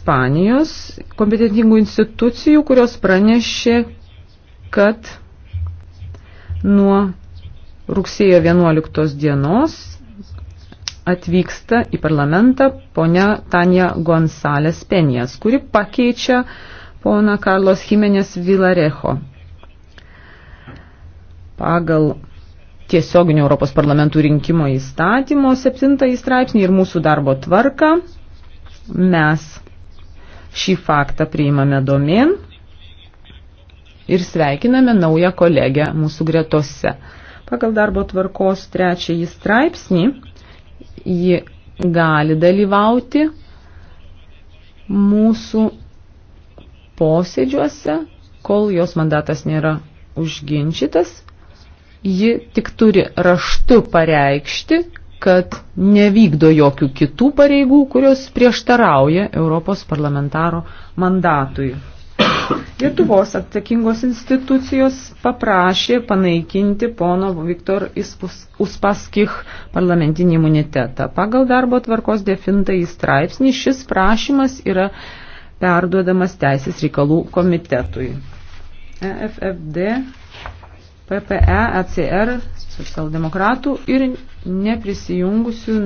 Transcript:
Ispanijos kompetentingų institucijų, kurios pranešė, kad nuo rugsėjo 11 dienos atvyksta į parlamentą ponia Tania Gonzales Penijas, kuri pakeičia pona Karlos Jimenės Vilarejo. Pagal tiesioginio Europos parlamentų rinkimo įstatymo 7 straipsnį ir mūsų darbo tvarką mes Šį faktą priimame domin ir sveikiname naują kolegę mūsų gretose. Pagal darbo tvarkos trečiąjį straipsnį ji gali dalyvauti mūsų posėdžiuose, kol jos mandatas nėra užginčytas. Ji tik turi raštu pareikšti, kad nevykdo jokių kitų pareigų, kurios prieštarauja Europos parlamentaro mandatui. Lietuvos atsakingos institucijos paprašė panaikinti pono Viktor Uspaskich parlamentinį imunitetą. Pagal darbo tvarkos defintąjį straipsnį šis prašymas yra perduodamas Teisės reikalų komitetui. EFFD PPE, ECR, socialdemokratų ir neprisijungusių